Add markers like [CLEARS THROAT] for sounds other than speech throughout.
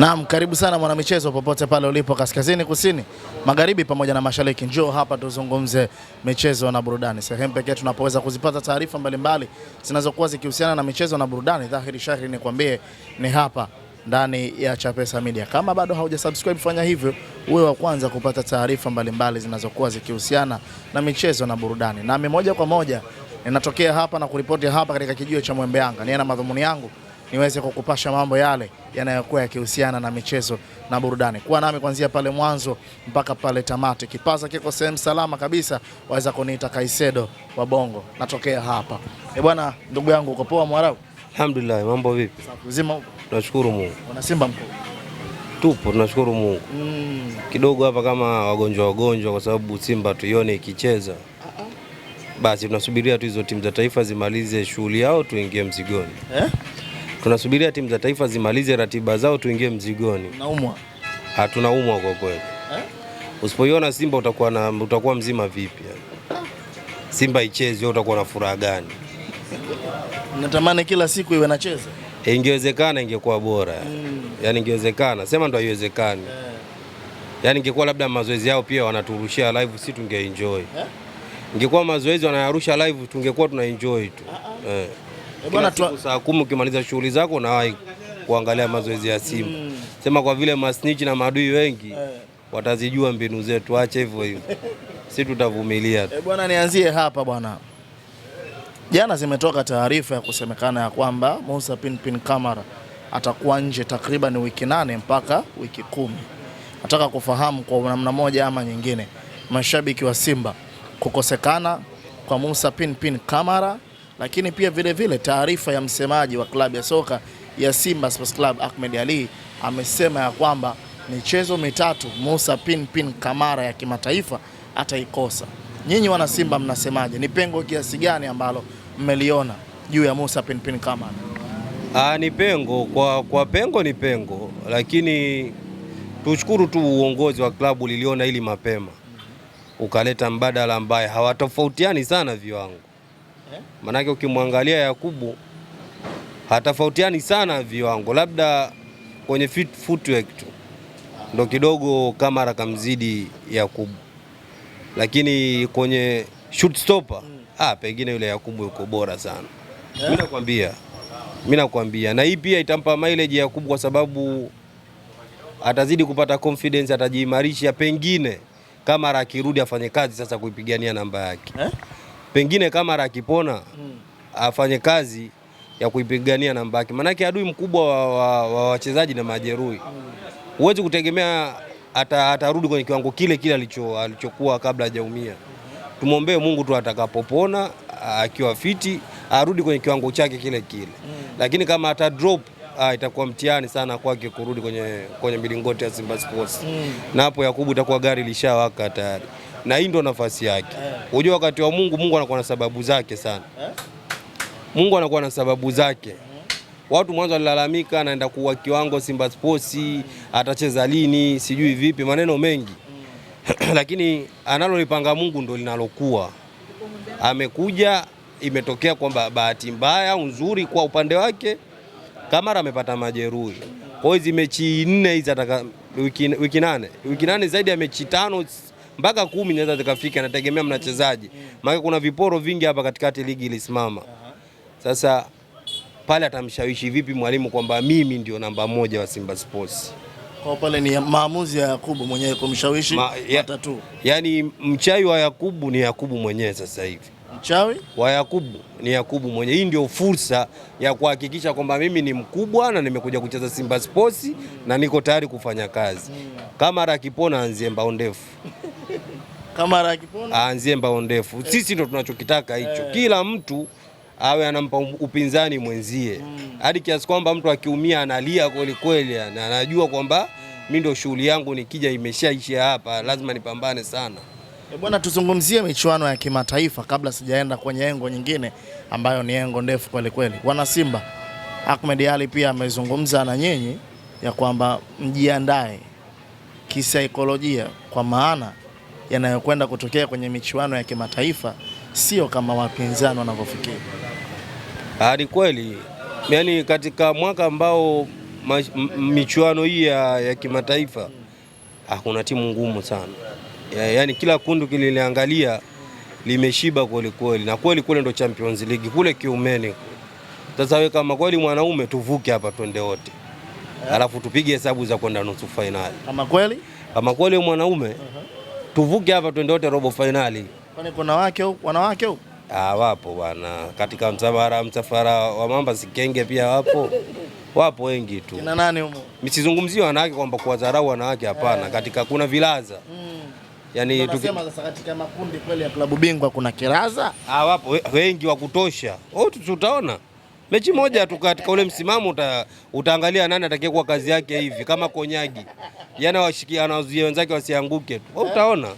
Naam, karibu sana mwanamichezo, popote pale ulipo, kaskazini, kusini, magharibi pamoja na mashariki, njoo hapa tuzungumze michezo na burudani, sehemu pekee tunapoweza kuzipata taarifa mbalimbali zinazokuwa zikihusiana na michezo na burudani. Dhahiri shahiri kwambie ni hapa ndani ya Chapesa Media. Kama bado haujasubscribe, fanya hivyo uwe wa kwanza kupata taarifa mbalimbali zinazokuwa zikihusiana na michezo na burudani, nami moja kwa moja ninatokea hapa na kuripoti hapa katika kijiwe cha Mwembe Yanga, niye na madhumuni yangu niweze kukupasha mambo yale yanayokuwa yakihusiana na michezo na burudani. Kuwa nami kuanzia pale mwanzo mpaka pale tamati. Kipaza kiko sehemu salama kabisa, waweza kuniita Kaisedo wa Bongo, natokea hapa. Eh bwana, ndugu yangu, uko poa Mwarabu? Alhamdulillah, mambo vipi? Uzima huko? Tunashukuru Mungu. Una Simba mkuu? Tupo, tunashukuru Mungu. Mm. Kidogo hapa kama wagonjwa wagonjwa, kwa sababu Simba tuione ikicheza uh-huh. basi tunasubiria tu hizo timu za taifa zimalize shughuli yao tuingie mzigoni eh? tunasubiria timu za taifa zimalize ratiba zao tuingie mzigoni. Naumwa. Hatunaumwa ah, kwa kweli eh? Usipoiona Simba utakuwa na utakuwa mzima vipi? Eh? Simba ichezi utakuwa na furaha gani? Natamani kila siku iwe nacheza. E, eh, ingewezekana ingekuwa bora mm. Yaani ingewezekana, sema ndo haiwezekani eh. Yani ingekuwa labda mazoezi yao pia wanaturushia live, si tungeenjoy Eh? Ingekuwa mazoezi wanayarusha live, tungekuwa tunaenjoy tu uh -uh. Eh. Eh, Kila tu... saa kumi ukimaliza shughuli zako unawahi kuangalia mazoezi ya Simba. Mm. Sema kwa vile masnichi na maadui wengi eh, watazijua mbinu zetu, acha hivyo hivyo [LAUGHS] si tutavumilia tu. Eh, bwana nianzie hapa bwana. Jana zimetoka taarifa ya kusemekana ya kwamba Musa Pinpin Kamara atakuwa nje takriban wiki nane mpaka wiki kumi. Nataka kufahamu kwa namna moja ama nyingine, mashabiki wa Simba kukosekana kwa Musa Pinpin Kamara lakini pia vilevile taarifa ya msemaji wa klabu ya soka ya Simba Sports Club Ahmed Ali amesema ya kwamba michezo mitatu Musa pin Kamara ya kimataifa ataikosa. Nyinyi wana Simba mnasemaje? Ni pengo kiasi gani ambalo mmeliona juu ya Musa Pin Kamara? Aa, ah, ni pengo kwa, kwa pengo ni pengo, lakini tushukuru tu uongozi wa klabu liliona hili mapema ukaleta mbadala ambaye hawatofautiani sana viwango manake ukimwangalia Yakubu hatafautiani sana viwango, labda kwenye footwork tu ndo kidogo Kamara kamzidi Yakubu, lakini kwenye shoot stopper hmm. ah, pengine yule Yakubu yuko bora sana. Mimi nakwambia, mimi nakwambia, na hii pia itampa mileage Yakubu kwa sababu atazidi kupata confidence, atajiimarisha, pengine Kamara akirudi afanye kazi sasa kuipigania namba yake eh? pengine kama akipona hmm. afanye kazi ya kuipigania namba yake, maanake adui mkubwa wa wachezaji wa, wa na majeruhi. Hmm. Huwezi kutegemea atarudi kwenye kiwango kile kile alicho, alichokuwa kabla hajaumia. Tumwombee Mungu tu atakapopona akiwa fiti arudi kwenye kiwango chake kile kile mm. Lakini kama ata drop itakuwa mtihani sana kwake kurudi kwenye, kwenye milingoti ya Simba Sports mm. Na hapo Yakubu itakuwa gari lishawaka tayari na hii ndo nafasi yake. Unajua wakati wa Mungu, Mungu anakuwa na sababu zake sana. Mungu anakuwa na sababu zake. Watu mwanzo walilalamika anaenda kuwa kiwango Simba Sports, atacheza lini, sijui vipi, maneno mengi [CLEARS THROAT] lakini analolipanga Mungu ndo linalokuwa. Amekuja, imetokea kwamba bahati mbaya au nzuri kwa upande wake Kamara amepata majeruhi. Kwa hiyo hizi mechi nne hizi ataka wiki, wiki nane wiki nane zaidi ya mechi tano mpaka kumi naweza zikafika, nategemea mnachezaji, maana kuna viporo vingi hapa katikati, ligi ilisimama. Sasa pale atamshawishi vipi mwalimu kwamba mimi ndio namba moja wa Simba Sports? Kwa pale ni maamuzi ya Yakubu mwenyewe kumshawishi Ma, ya, matatu. Yaani wa Yakubu ni Yakubu mwenyewe sasa hivi mchawi wa Yakubu ni Yakubu mwenye. Hii ndio fursa ya kuhakikisha kwamba mimi ni mkubwa na nimekuja kucheza Simba Sports na niko tayari kufanya kazi. Kamara akipona anzie mbao ndefu Kamara akipona aanzie mbao ndefu. [LAUGHS] Eh. Sisi ndo tunachokitaka hicho, eh. kila mtu awe anampa um, upinzani mwenzie hmm. hadi kiasi kwamba mtu akiumia analia kweli kweli, na anajua kwamba hmm. mimi ndio shughuli yangu, nikija imeshaisha hapa, lazima nipambane sana. Eh, bwana, tuzungumzie michuano ya kimataifa kabla sijaenda kwenye engo nyingine ambayo ni engo ndefu kweli kweli. Wana Simba, Ahmed Ally pia amezungumza na nyinyi ya kwamba mjiandae kisaikolojia, kwa maana yanayokwenda kutokea kwenye michuano ya kimataifa sio kama wapinzani wanavyofikiri. Ah, ni kweli, yaani katika mwaka ambao michuano hii ya, ya kimataifa hakuna ah, timu ngumu sana ya, yani kila kundi kililiangalia limeshiba kweli kweli, na kweli kule ndo Champions League kule kiumeni. Sasa wewe kama kweli mwanaume, tuvuke hapa twende wote yeah. Alafu tupige hesabu za kwenda nusu finali. kama kweli kama kweli mwanaume uh -huh. Tuvuke hapa twende wote robo finali. Kwani kuna wake huko wanawake huko? Ah, wapo bwana, katika msafara msafara wa mamba sikenge pia wapo [LAUGHS] wapo wengi tu. Kina nani humo? Msizungumzie wanawake kwamba kuwadharau wanawake, hapana yeah. Katika kuna vilaza mm. Yani tuki... katika makundi kweli ya klabu bingwa kuna kiraza? Ah, wapo wengi wa kutosha. Oh, tutaona mechi moja tu katika ule msimamo uta, utaangalia nani atakayekuwa kazi yake hivi kama Konyagi yana washikia anawazuia wenzake wasianguke tu. Oh, utaona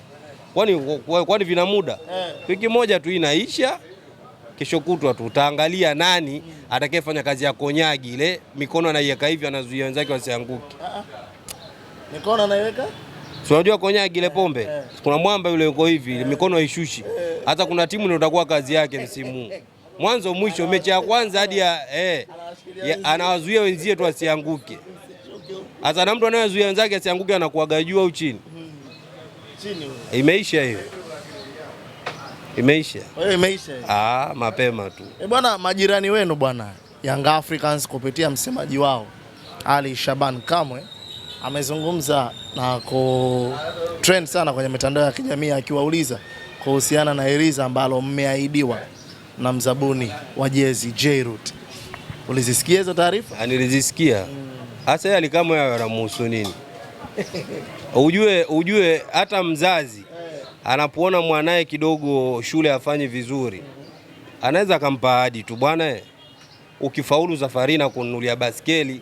kwani, kwani vina muda eh. wiki moja tu inaisha kesho kutwa tu utaangalia nani atakayefanya kazi ya Konyagi ile mikono anaiweka hivi anazuia wenzake wasianguke. Ah, ah. Mikono anaiweka Si unajua kwenye Agile Pombe eh. kuna mwamba yule yuko hivi mikono haishushi. Eh. Hata kuna timu ndio itakuwa kazi yake msimu mwanzo mwisho, mechi ya kwanza hadi ya eh, anawazuia wenzie tu asianguke. Hata na mtu anayezuia wenzake asianguke anakuaga gajua au chini. Imeisha hiyo. Imeisha. Eh, imeisha. Ah, mapema tu. Eh, bwana majirani wenu bwana Young Africans kupitia msemaji wao Ali Shaban Kamwe amezungumza na ku trend sana kwenye mitandao ya kijamii akiwauliza kuhusiana na hiriza ambalo mmeahidiwa na mzabuni wa jezi Jairut. Ulizisikia hizo taarifa? Nilizisikia. Hasa yeye alikama yeye anamhusu nini? [LAUGHS] Ujue, ujue hata mzazi anapoona mwanaye kidogo shule afanye vizuri anaweza akampa ahadi tu, bwana, ukifaulu safari na kununulia baskeli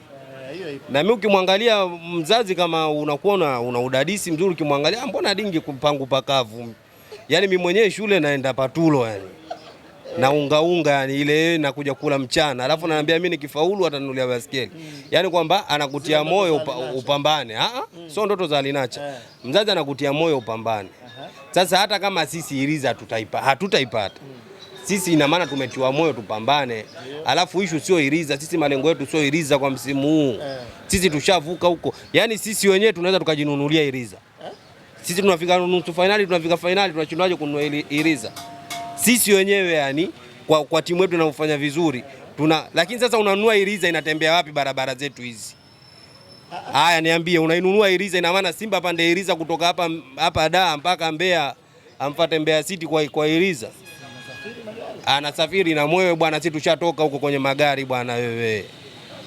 na mimi ukimwangalia mzazi kama unakuona una udadisi mzuri, ukimwangalia ah, mbona dingi kumpangu pakavu. Yani mimi mwenyewe shule naenda patulo yani na unga unga yani ile na kuja kula mchana, alafu ananiambia mimi nikifaulu atanunulia basikeli mm. Yaani kwamba anakutia moyo upa, upambane ah, ah. mm. Sio ndoto za alinacha yeah. Mzazi anakutia moyo upambane. Sasa hata kama sisi iriza hatutaipata mm sisi ina maana tumetiwa moyo tupambane, alafu ishu sio iriza. Sisi malengo yetu sio iriza kwa msimu huu, eh. sisi tushavuka huko. Yani sisi wenyewe tunaweza tukajinunulia iriza. Eh? Sisi tunafika nusu fainali, tunafika fainali, tunashindaje kununua iriza? Sisi wenyewe yani kwa, kwa timu yetu inaofanya vizuri tuna, lakini sasa unanunua iriza inatembea wapi barabara zetu hizi? Haya, niambie, unainunua iriza, ina maana Simba pande iriza kutoka hapa hapa Dar mpaka Mbeya amfate Mbeya City kwa, kwa iriza anasafiri na mwewe bwana, si tushatoka huko kwenye magari bwana. Wewe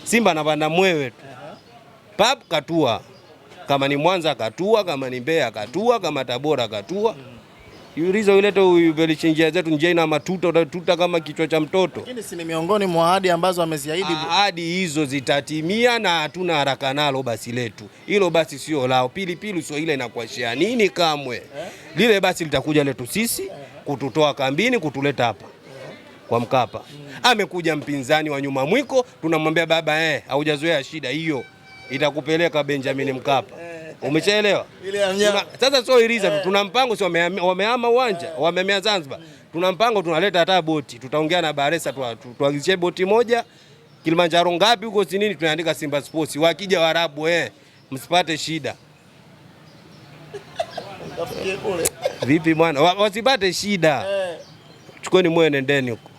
Simba anapanda mwewe tu pap, katua kama ni Mwanza katua, kama ni Mbeya katua, kama Tabora katua. Yulizo yule tu belichinjia zetu nje ina matuta utatuta kama kichwa cha mtoto. Lakini si ni miongoni mwa ahadi ambazo ameziahidi. Ah, ahadi hizo zitatimia na hatuna haraka nalo basi letu. Hilo basi sio lao. Pilipili sio ile inakuashia nini kamwe. Eh? Lile basi litakuja letu sisi kututoa kambini kutuleta hapa kwa Mkapa mm. Amekuja mpinzani wa nyuma mwiko, tunamwambia baba eh, haujazoea shida hiyo, itakupeleka Benjamin Mkapa eh. umeshaelewa. Sasa sio iliza tu, eh. tuna mpango, sio, wamehama uwanja, eh. wamemea Zanzibar, mm. tuna mpango, tunaleta hata boti, tutaongea na Baresa tuanzishe boti moja Kilimanjaro ngapi huko si nini, tunaandika Simba Sports, wakija Waarabu eh, msipate shida vipi mwana, wasipate shida, chukueni mwene, nendeni huko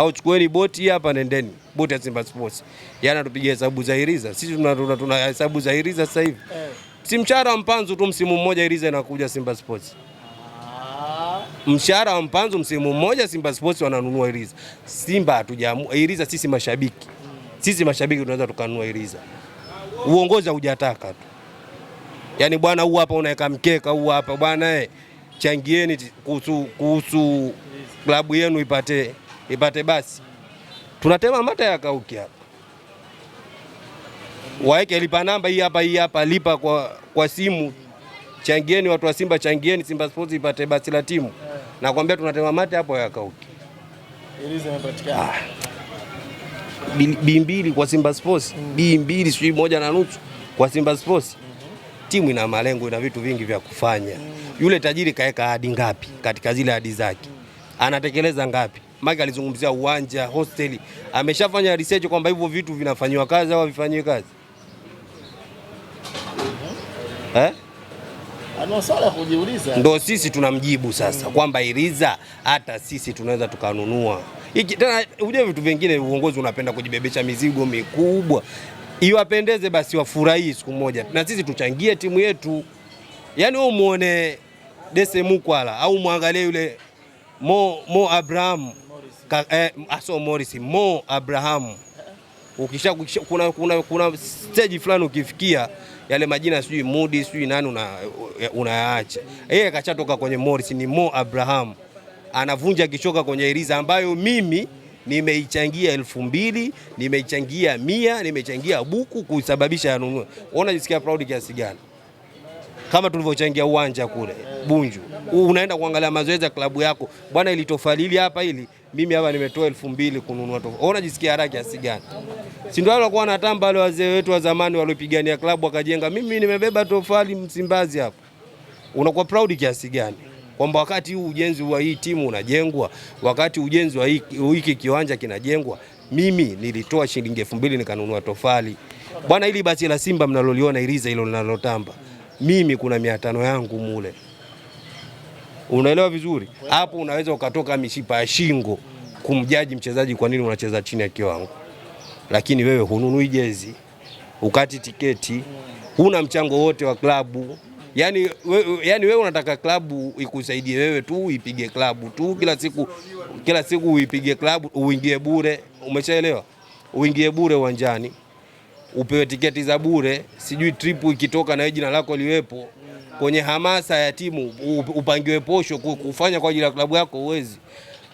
au chukueni boti hapa, nendeni boti ya Simba Sports. Yaani tupiga hesabu za iriza, sisi tuna tuna hesabu za iriza sasa hivi eh. Si mshahara wa mpanzu tu, msimu mmoja iriza inakuja Simba Sports mshahara wa mpanzo msimu mmoja Simba Sports wananunua iriza. Simba hatujaamua iriza, sisi mashabiki, sisi mashabiki tunaweza tukanunua iriza, uongozi haujataka tu. Yaani bwana, huu hapa unaweka mkeka huu hapa bwana, eh, changieni kuhusu kuhusu klabu yenu ipate ipate basi. Tunatema mata ya kauki hapa, waeke lipa namba hii hapa, hii hapa, lipa kwa, kwa simu. Changieni watu wa Simba, changieni Simba Sports ipate basi la timu. Nakwambia tunatema mate hapo ya kauki ah. Bimbili kwa Simba Sports mm. Bi mbili sijui moja na nusu kwa Simba Sports mm -hmm. Timu ina malengo, ina vitu vingi vya kufanya mm. Yule tajiri kaweka ahadi ngapi katika zile ahadi zake mm. Anatekeleza ngapi? Mike alizungumzia uwanja, hosteli. Ameshafanya research kwamba hivyo vitu vinafanywa kazi au vifanywe kazi mhm. eh? Ndo sisi tunamjibu sasa mm. kwamba iriza hata sisi tunaweza tukanunua iki tena. Unajua vitu vingine uongozi unapenda kujibebesha mizigo mikubwa, iwapendeze basi wafurahii siku moja, na sisi tuchangie timu yetu. Yaani wewe umuone Dese Mukwala au mwangalie yule Mo, Mo Abraham eh, aso ah, Morris Mo abraham Ukisha kuna, kuna, kuna stage fulani ukifikia yale majina sijui Mudi sijui nani unayaacha. Una yeye akachatoka kwenye Morris ni Mo abraham anavunja kichoka kwenye Eliza ambayo mimi nimeichangia elfu mbili nimeichangia mia nimechangia buku kusababisha yanunue. Ona jisikia proud kiasi gani? kama tulivyochangia uwanja kule Bunju. Unaenda kuangalia mazoezi ya klabu yako bwana, ilitofalili hapa hili mimi hapa nimetoa elfu mbili kununua tofa. Unajisikia haraka kiasi gani? Si ndio walikuwa wanatamba wale wazee wetu wa zamani waliopigania klabu wakajenga. Mimi nimebeba tofali Msimbazi hapa, unakuwa proud kiasi gani kwamba wakati huu ujenzi wa hii timu unajengwa, wakati ujenzi wa hiki kiwanja kinajengwa, mimi nilitoa shilingi elfu mbili nikanunua tofali bwana. Hili basi la Simba mnaloliona iliza hilo linalotamba mimi kuna mia tano yangu mule, unaelewa vizuri hapo. Unaweza ukatoka mishipa ya shingo kumjaji mchezaji, kwa nini unacheza chini ya kiwango, lakini wewe hununui jezi, ukati tiketi, huna mchango wote wa klabu. Yani yaani wewe yani we unataka klabu ikusaidie wewe tu, ipige klabu tu kila siku, kila siku uipige klabu, uingie bure. Umeshaelewa? Uingie bure uwanjani upewe tiketi za bure, sijui tripu ikitoka na jina lako liwepo kwenye hamasa ya timu, upangiwe posho kufanya kwa ajili ya klabu yako, uwezi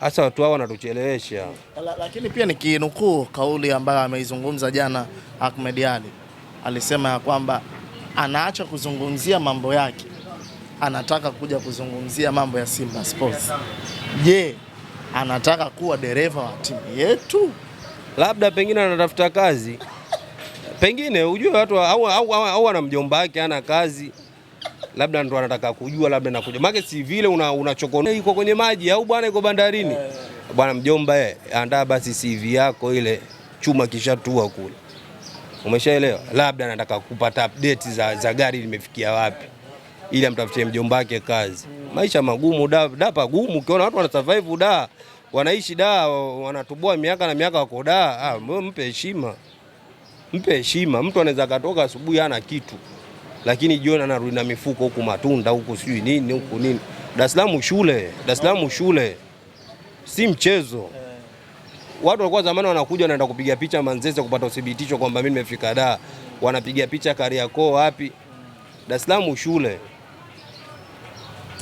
hasa watu hao wanatuchelewesha. Lakini pia nikinukuu kauli ambayo ameizungumza jana Ahmed Ally, alisema ya kwamba anaacha kuzungumzia mambo yake, anataka kuja kuzungumzia mambo ya Simba Sports. Je, anataka kuwa dereva wa timu yetu? Labda pengine anatafuta kazi pengine ujue watu au, au, au, au ana mjomba wake ana kazi labda ndo anataka kujua labda nakuja make si vile unachokona una iko kwenye maji au bwana iko bandarini yeah. Bwana mjomba eh, andaa basi CV yako ile chuma kishatua kule, umeshaelewa. Labda anataka kupata update za, za gari limefikia wapi, ili amtafutie mjomba wake kazi. Maisha magumu da, da pagumu. Ukiona watu wana survive da, wanaishi da, wanatoboa miaka na miaka wako da, ah, mpe heshima mpe heshima. Mtu anaweza katoka asubuhi hana kitu, lakini jioni anarudi na mifuko huku, matunda huku, sijui nini huku nini. Dar es Salaam shule, Dar es Salaam shule, si mchezo. Watu walikuwa zamani wanakuja wanaenda kupiga picha Manzese kupata uthibitisho kwamba mimi nimefika da wanapiga picha Kariakoo, wapi? Dar es Salaam shule.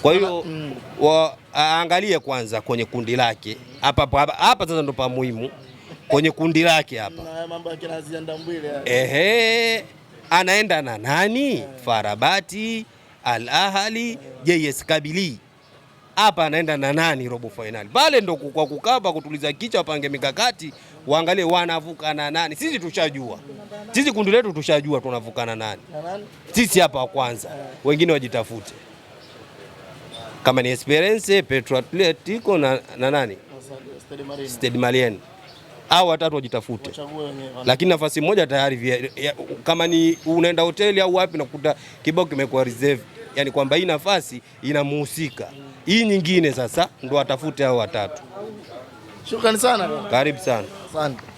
Kwa hiyo mm. angalie kwanza kwenye kundi lake hapa hapa, sasa ndo pa muhimu kwenye kundi lake hapa ehe, anaenda na nani? Farabati Al Ahli JS Kabili hapa anaenda na nani robo fainali? Pale ndo kwa kukaba kutuliza kichwa, wapange mikakati, waangalie wanavuka na nani. Sisi tushajua, sisi kundi letu tushajua na nani. Sisi hapa wa kwanza, wengine wajitafute kama ni Esperance Petro Atletico na, na nani Stade Malien au watatu wajitafute, lakini nafasi moja tayari, kama ni unaenda hoteli au wapi, nakuta kibao kimekuwa reserve, yani kwamba hii nafasi inamhusika hii nyingine, sasa ndo watafute hao watatu. Shukrani sana, karibu sana, asante.